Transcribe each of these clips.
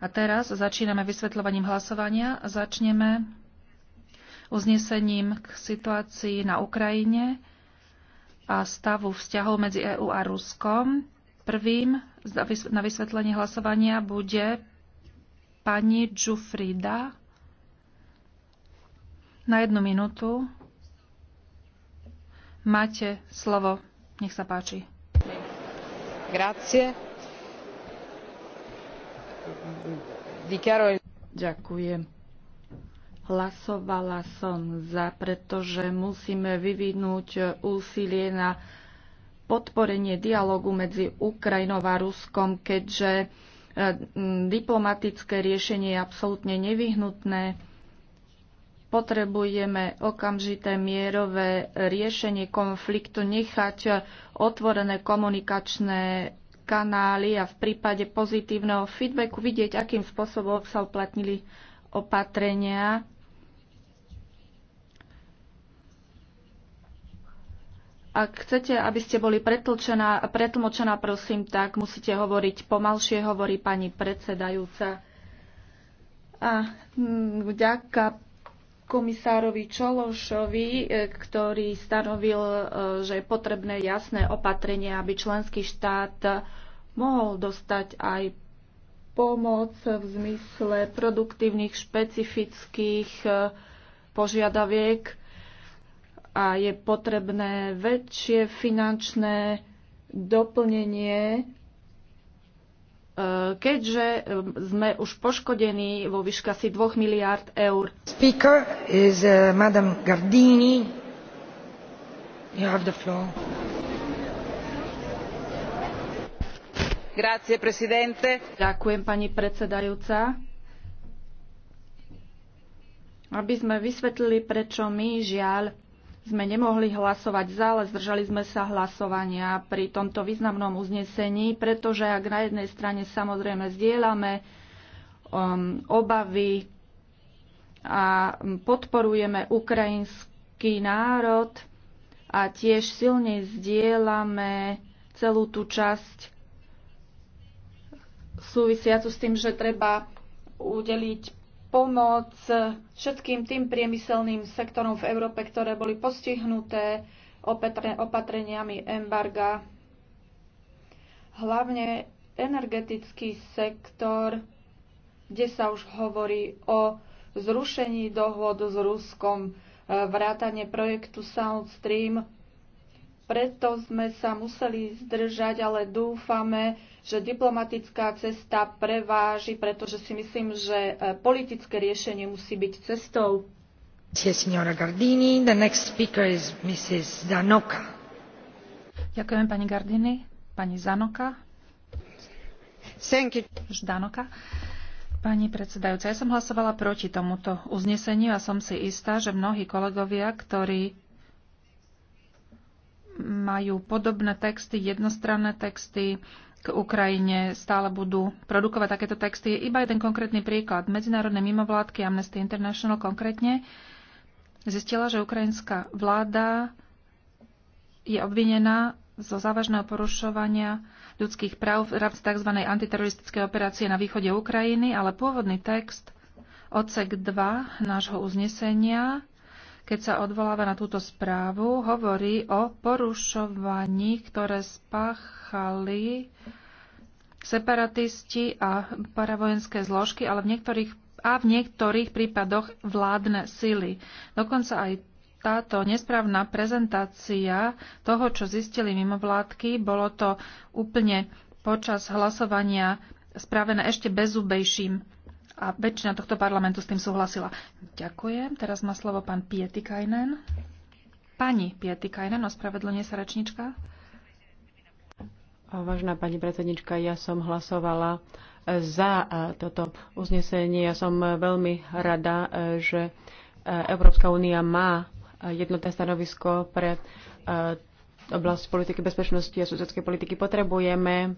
A teraz začíname vysvetľovaním hlasovania. Začneme uznesením k situácii na Ukrajine a stavu vzťahov medzi EÚ a Ruskom. Prvým na vysvetlenie hlasovania bude pani Džufrida na jednu minútu. Máte slovo. Nech sa páči. Grazie. Ďakujem. Hlasovala som za, pretože musíme vyvinúť úsilie na podporenie dialogu medzi Ukrajinou a Ruskom, keďže e, diplomatické riešenie je absolútne nevyhnutné. Potrebujeme okamžité mierové riešenie konfliktu, nechať otvorené komunikačné kanály a v prípade pozitívneho feedbacku vidieť, akým spôsobom sa uplatnili opatrenia. Ak chcete, aby ste boli pretlčená, pretlmočená, prosím, tak musíte hovoriť pomalšie, hovorí pani predsedajúca. A mm, ďaká komisárovi Čološovi, e, ktorý stanovil, e, že je potrebné jasné opatrenie, aby členský štát mohol dostať aj pomoc v zmysle produktívnych špecifických e, požiadaviek a je potrebné väčšie finančné doplnenie keďže um, sme už poškodení vo výške asi 2 miliárd eur. Speaker is uh, Madam Gardini. You have the floor. Grazie, presidente. Ďakujem, pani predsedajúca. Aby sme vysvetlili, prečo my, žiaľ, sme nemohli hlasovať za, ale zdržali sme sa hlasovania pri tomto významnom uznesení, pretože ak na jednej strane samozrejme zdieľame um, obavy a podporujeme ukrajinský národ a tiež silne zdieľame celú tú časť súvisiacu s tým, že treba udeliť pomoc všetkým tým priemyselným sektorom v Európe, ktoré boli postihnuté opatreniami embarga. Hlavne energetický sektor, kde sa už hovorí o zrušení dohod s Ruskom, e, vrátanie projektu South Stream preto sme sa museli zdržať, ale dúfame, že diplomatická cesta preváži, pretože si myslím, že e, politické riešenie musí byť cestou. Ďakujem pani Gardini. Pani Zanoka. Ždanoka. Pani predsedajúca, ja som hlasovala proti tomuto uzneseniu a som si istá, že mnohí kolegovia, ktorí majú podobné texty, jednostranné texty k Ukrajine, stále budú produkovať takéto texty. Je iba jeden konkrétny príklad. Medzinárodné mimovládky Amnesty International konkrétne zistila, že ukrajinská vláda je obvinená zo závažného porušovania ľudských práv v rámci tzv. antiteroristickej operácie na východe Ukrajiny, ale pôvodný text odsek 2 nášho uznesenia keď sa odvoláva na túto správu, hovorí o porušovaní, ktoré spáchali separatisti a paravojenské zložky, ale v niektorých, a v niektorých prípadoch vládne sily. Dokonca aj táto nesprávna prezentácia toho, čo zistili mimovládky, bolo to úplne počas hlasovania spravené ešte bezubejším a väčšina tohto parlamentu s tým súhlasila. Ďakujem. Teraz má slovo pán Pietikainen. Pani Pietikainen, ospravedlňuje sa rečnička. Vážená pani predsednička, ja som hlasovala za e, toto uznesenie. Ja som veľmi rada, e, že e, Európska únia má jednotné stanovisko pre oblasť politiky bezpečnosti a sociálnej politiky. Potrebujeme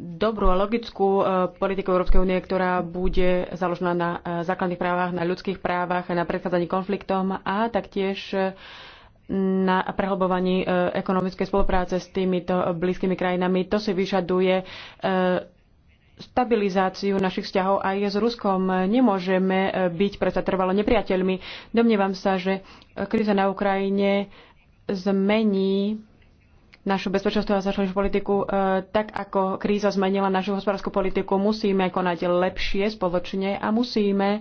dobrú a logickú e, politiku Európskej únie, ktorá bude založená na e, základných právach, na ľudských právach, na predchádzaní konfliktom a taktiež e, na prehlbovaní ekonomickej spolupráce s týmito blízkymi krajinami. To si vyžaduje stabilizáciu našich vzťahov aj s Ruskom. Nemôžeme byť predsa trvalo nepriateľmi. Domnievam sa, že kríza na Ukrajine zmení našu bezpečnostnú a zahraničnú politiku, e, tak ako kríza zmenila našu hospodárskú politiku, musíme konať lepšie spoločne a musíme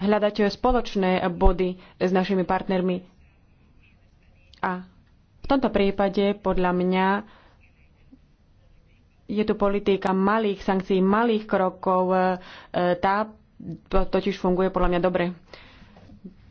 hľadať spoločné body s našimi partnermi. A v tomto prípade, podľa mňa, je tu politika malých sankcií, malých krokov. E, tá totiž funguje podľa mňa dobre.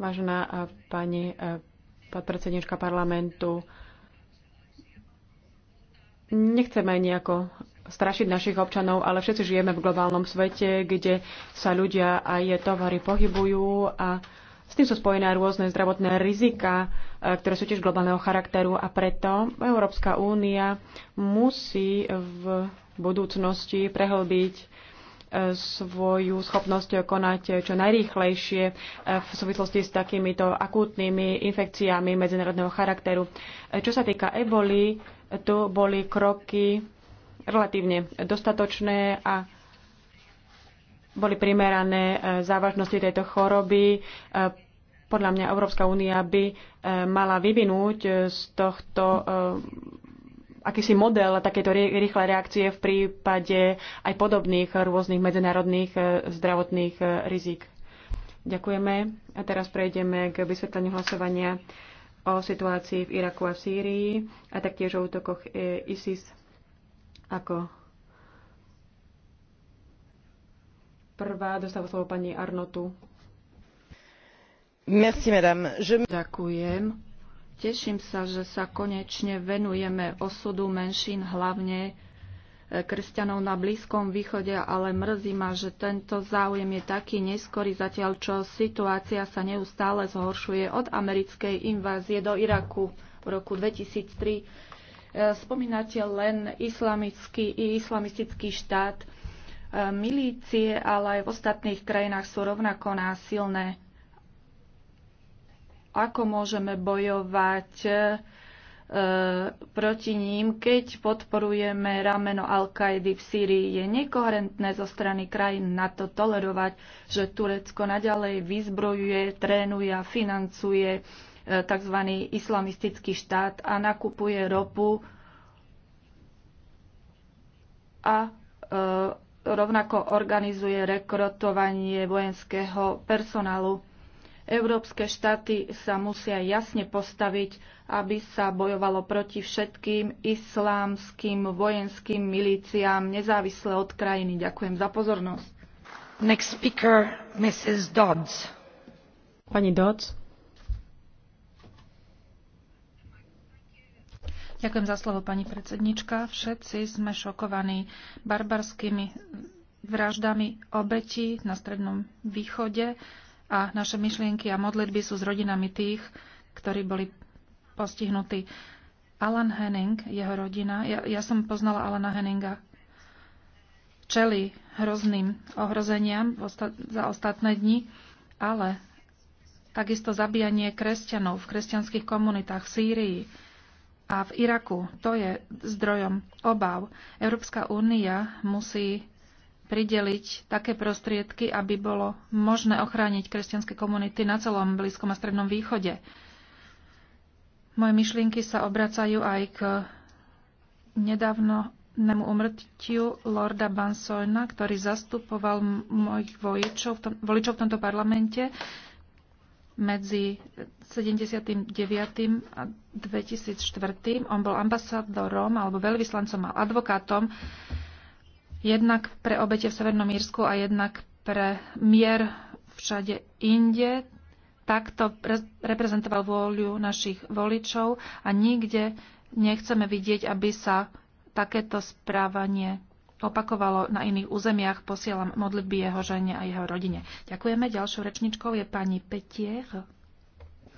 Vážená eh, pani eh, podpredsednička parlamentu, nechceme nejako strašiť našich občanov, ale všetci žijeme v globálnom svete, kde sa ľudia a je tovary pohybujú a s tým sú spojené rôzne zdravotné rizika, eh, ktoré sú tiež globálneho charakteru a preto Európska únia musí v budúcnosti prehlbiť svoju schopnosť konať čo najrýchlejšie eh, v súvislosti s takýmito akútnymi infekciami medzinárodného charakteru. Eh, čo sa týka eboli, tu boli kroky relatívne dostatočné a boli primerané eh, závažnosti tejto choroby. Podľa mňa Európska únia by mala vyvinúť z tohto akýsi model takéto rýchlej reakcie v prípade aj podobných rôznych medzinárodných e, zdravotných e, rizik. Ďakujeme. A teraz prejdeme k vysvetleniu hlasovania o situácii v Iraku a v Sýrii a taktiež o útokoch e, ISIS ako prvá dostáva slovo pani Arnotu. Merci, madame. Je... Ďakujem Teším sa, že sa konečne venujeme osudu menšín, hlavne e, kresťanov na Blízkom východe, ale mrzí ma, že tento záujem je taký neskorý zatiaľ, čo situácia sa neustále zhoršuje od americkej invázie do Iraku v roku 2003. E, spomínate len islamický i islamistický štát. E, milície, ale aj v ostatných krajinách sú rovnako násilné ako môžeme bojovať e, proti ním, keď podporujeme rameno Al-Kaidy v Sýrii. Je nekoherentné zo strany krajín na to tolerovať, že Turecko naďalej vyzbrojuje, trénuje a financuje e, tzv. islamistický štát a nakupuje ropu a e, rovnako organizuje rekrutovanie vojenského personálu. Európske štáty sa musia jasne postaviť, aby sa bojovalo proti všetkým islámským vojenským milíciám nezávisle od krajiny. Ďakujem za pozornosť. Next speaker, Mrs. Dodds. Pani Dodds. Ďakujem za slovo, pani predsednička. Všetci sme šokovaní barbarskými vraždami obetí na Strednom východe a naše myšlienky a modlitby sú s rodinami tých, ktorí boli postihnutí. Alan Henning, jeho rodina, ja, ja som poznala Alana Henninga, čeli hrozným ohrozeniam za ostatné dni, ale takisto zabíjanie kresťanov v kresťanských komunitách v Sýrii a v Iraku, to je zdrojom obav. Európska únia musí prideliť také prostriedky, aby bolo možné ochrániť kresťanské komunity na celom Blízkom a Strednom východe. Moje myšlienky sa obracajú aj k nedávnemu umrtiu Lorda Bansoyna, ktorý zastupoval mojich voličov v, tom, voličov v tomto parlamente medzi 79. a 2004. On bol ambasádorom alebo veľvyslancom a advokátom jednak pre obete v Severnom Írsku a jednak pre mier všade inde. Takto reprezentoval vôľu našich voličov a nikde nechceme vidieť, aby sa takéto správanie opakovalo na iných územiach. Posielam modlitby jeho žene a jeho rodine. Ďakujeme. Ďalšou rečničkou je pani Petier.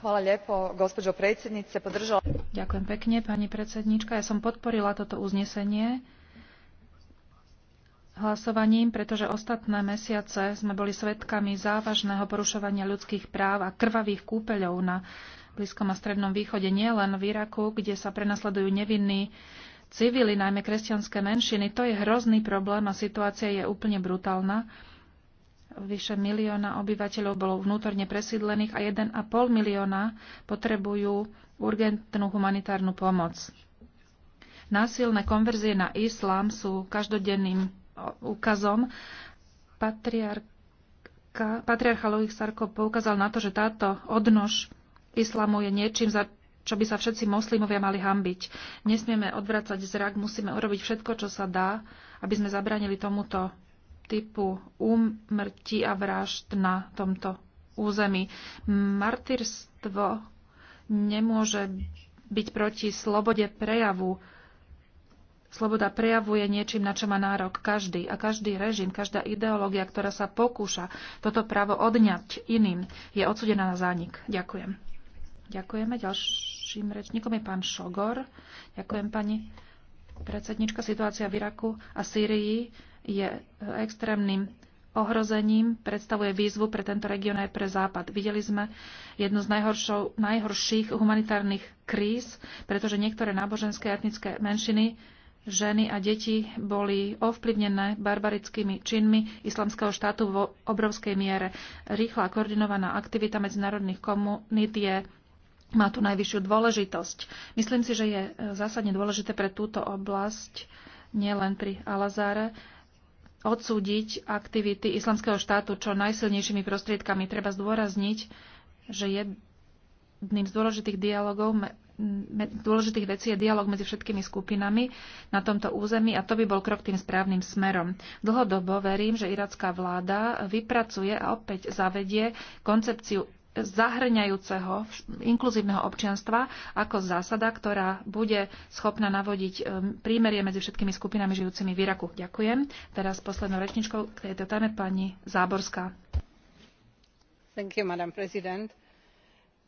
Hvala lepo, gospođo predsjednice. Podržala... Ďakujem pekne, pani predsednička. Ja som podporila toto uznesenie hlasovaním, pretože ostatné mesiace sme boli svedkami závažného porušovania ľudských práv a krvavých kúpeľov na Blízkom a Strednom východe, nielen v Iraku, kde sa prenasledujú nevinní civili, najmä kresťanské menšiny. To je hrozný problém a situácia je úplne brutálna. Vyše milióna obyvateľov bolo vnútorne presídlených a 1,5 milióna potrebujú urgentnú humanitárnu pomoc. Násilné konverzie na islám sú každodenným úkazom. Patriarka, patriarcha Louis Sarko poukázal na to, že táto odnož islamu je niečím, za čo by sa všetci moslimovia mali hambiť. Nesmieme odvracať zrak, musíme urobiť všetko, čo sa dá, aby sme zabranili tomuto typu úmrtí a vražd na tomto území. Martyrstvo nemôže byť proti slobode prejavu Sloboda prejavuje niečím, na čo má nárok každý. A každý režim, každá ideológia, ktorá sa pokúša toto právo odňať iným, je odsudená na zánik. Ďakujem. Ďakujeme. Ďalším rečníkom je pán Šogor. Ďakujem, pani predsednička. Situácia v Iraku a Sýrii je e, extrémnym ohrozením, predstavuje výzvu pre tento región aj pre Západ. Videli sme jednu z najhorších humanitárnych kríz, pretože niektoré náboženské a etnické menšiny ženy a deti boli ovplyvnené barbarickými činmi islamského štátu vo obrovskej miere. Rýchla koordinovaná aktivita medzinárodných komunít je má tu najvyššiu dôležitosť. Myslím si, že je e, zásadne dôležité pre túto oblasť, nielen pri Alazáre, odsúdiť aktivity islamského štátu čo najsilnejšími prostriedkami. Treba zdôrazniť, že jedným z dôležitých dialogov dôležitých vecí je dialog medzi všetkými skupinami na tomto území a to by bol krok tým správnym smerom. Dlhodobo verím, že iracká vláda vypracuje a opäť zavedie koncepciu zahrňajúceho inkluzívneho občianstva ako zásada, ktorá bude schopná navodiť prímerie medzi všetkými skupinami žijúcimi v Iraku. Ďakujem. Teraz poslednou rečničkou k tejto téme pani Záborská. Thank you, madam president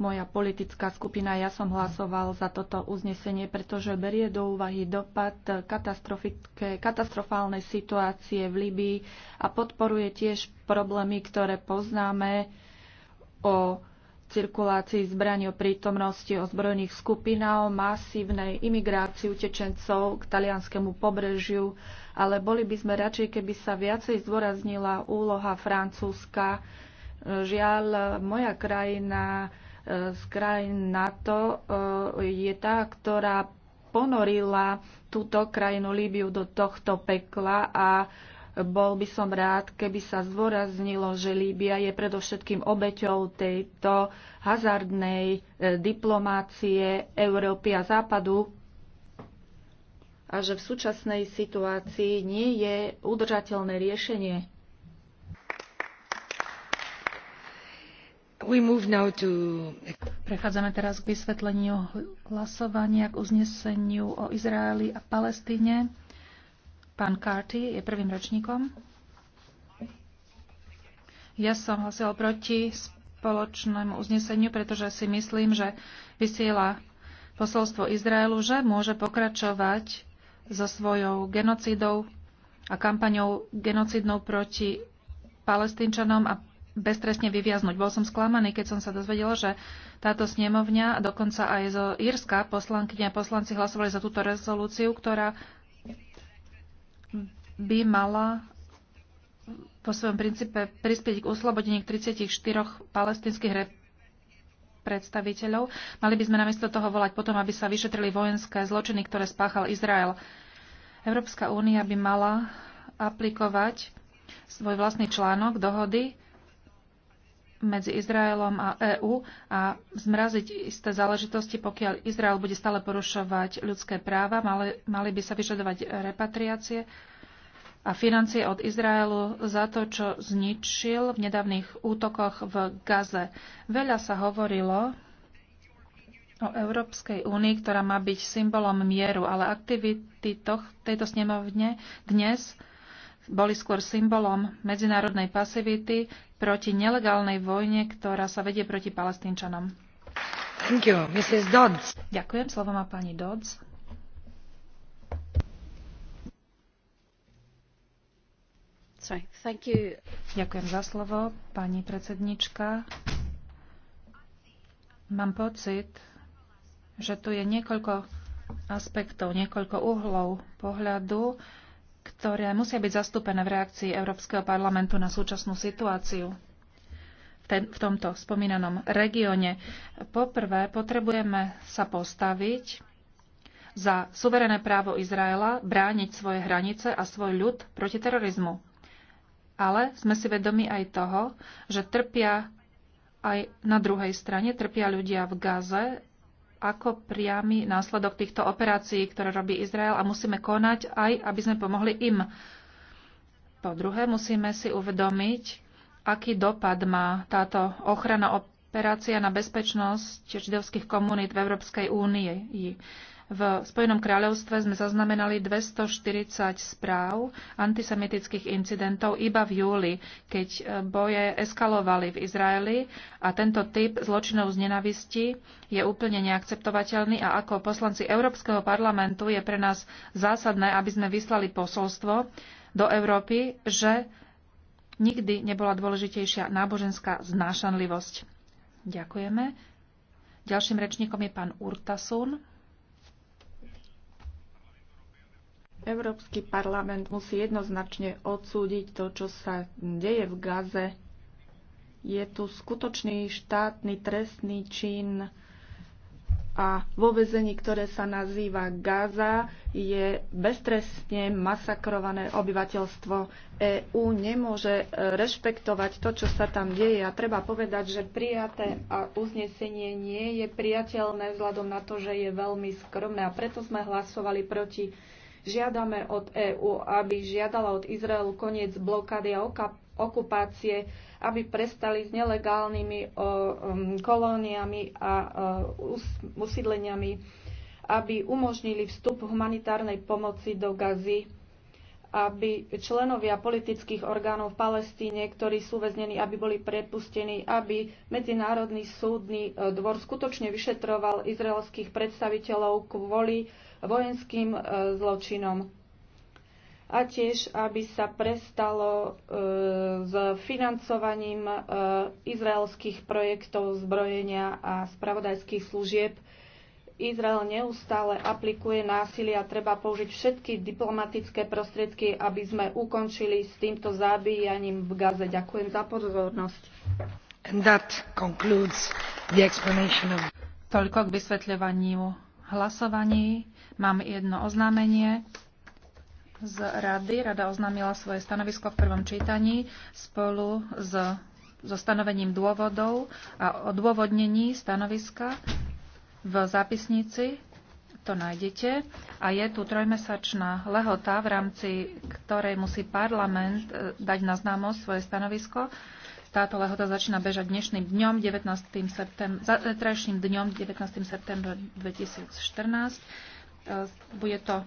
moja politická skupina, ja som hlasoval za toto uznesenie, pretože berie do úvahy dopad katastrofálnej situácie v Libii a podporuje tiež problémy, ktoré poznáme o cirkulácii zbraní, o prítomnosti ozbrojených skupín skupinách, o masívnej imigrácii utečencov k talianskému pobrežiu, ale boli by sme radšej, keby sa viacej zdôraznila úloha Francúzska. Žiaľ, moja krajina z krajín NATO eh, je tá, ktorá ponorila túto krajinu Líbiu do tohto pekla a bol by som rád, keby sa zdôraznilo, že Líbia je predovšetkým obeťou tejto hazardnej eh, diplomácie Európy a Západu a že v súčasnej situácii nie je udržateľné riešenie Prechádzame teraz k vysvetleniu hlasovania k uzneseniu o Izraeli a Palestíne. Pán Carty je prvým ročníkom. Ja som hlasil proti spoločnému uzneseniu, pretože si myslím, že vysiela posolstvo Izraelu, že môže pokračovať so svojou genocidou a kampaňou genocidnou proti palestínčanom a beztrestne vyviaznuť. Bol som sklamaný, keď som sa dozvedela, že táto snemovňa, a dokonca aj zo Írska poslankyňa a poslanci hlasovali za túto rezolúciu, ktorá by mala po svojom princípe prispieť k oslobodení 34 palestinských rep- predstaviteľov. Mali by sme namiesto toho volať potom, aby sa vyšetrili vojenské zločiny, ktoré spáchal Izrael. Európska únia by mala aplikovať svoj vlastný článok dohody medzi Izraelom a EÚ a zmraziť isté záležitosti, pokiaľ Izrael bude stále porušovať ľudské práva, mali, mali by sa vyžadovať repatriácie a financie od Izraelu za to, čo zničil v nedávnych útokoch v Gaze. Veľa sa hovorilo o Európskej únii, ktorá má byť symbolom mieru, ale aktivity toh, tejto snemovne dnes boli skôr symbolom medzinárodnej pasivity proti nelegálnej vojne, ktorá sa vedie proti palestínčanom. Thank you, Mrs. Dodds. Ďakujem, slovo má pani Dodds. Sorry, thank you. Ďakujem za slovo, pani predsednička. Mám pocit, že tu je niekoľko aspektov, niekoľko uhlov pohľadu, ktoré musia byť zastúpené v reakcii Európskeho parlamentu na súčasnú situáciu v tomto spomínanom regióne. Poprvé, potrebujeme sa postaviť za suverené právo Izraela brániť svoje hranice a svoj ľud proti terorizmu. Ale sme si vedomi aj toho, že trpia aj na druhej strane, trpia ľudia v Gaze, ako priamy následok týchto operácií, ktoré robí Izrael a musíme konať aj, aby sme pomohli im. Po druhé, musíme si uvedomiť, aký dopad má táto ochrana operácia na bezpečnosť židovských komunít v Európskej únii. V Spojenom kráľovstve sme zaznamenali 240 správ antisemitických incidentov iba v júli, keď e, boje eskalovali v Izraeli a tento typ zločinov z nenavisti je úplne neakceptovateľný a ako poslanci Európskeho parlamentu je pre nás zásadné, aby sme vyslali posolstvo do Európy, že nikdy nebola dôležitejšia náboženská znášanlivosť. Ďakujeme. Ďalším rečníkom je pán Urtasun. Európsky parlament musí jednoznačne odsúdiť to, čo sa deje v Gaze. Je tu skutočný štátny trestný čin a vo vezení, ktoré sa nazýva Gaza, je beztrestne masakrované obyvateľstvo. EÚ nemôže e, rešpektovať to, čo sa tam deje. A treba povedať, že prijaté a uznesenie nie je priateľné vzhľadom na to, že je veľmi skromné. A preto sme hlasovali proti Žiadame od EÚ, aby žiadala od Izraelu koniec blokády a okupácie, aby prestali s nelegálnymi um, kolóniami a usídleniami, aby umožnili vstup humanitárnej pomoci do Gazy, aby členovia politických orgánov v Palestíne, ktorí sú väznení, aby boli prepustení, aby Medzinárodný súdny e, dvor skutočne vyšetroval izraelských predstaviteľov kvôli vojenským e, zločinom a tiež, aby sa prestalo e, s financovaním e, izraelských projektov zbrojenia a spravodajských služieb. Izrael neustále aplikuje násilie a treba použiť všetky diplomatické prostriedky, aby sme ukončili s týmto zabíjaním v Gaze. Ďakujem za pozornosť. And that concludes the explanation of... Toľko k vysvetľovaniu hlasovaní mám jedno oznámenie z rady. Rada oznámila svoje stanovisko v prvom čítaní spolu s, so stanovením dôvodov a odôvodnení stanoviska v zápisnici. To nájdete. A je tu trojmesačná lehota, v rámci ktorej musí parlament eh, dať na známosť svoje stanovisko. Táto lehota začína bežať dnešným dňom, 19. septem, zatrajším eh, dňom 19. septembra 2014. Eh, bude to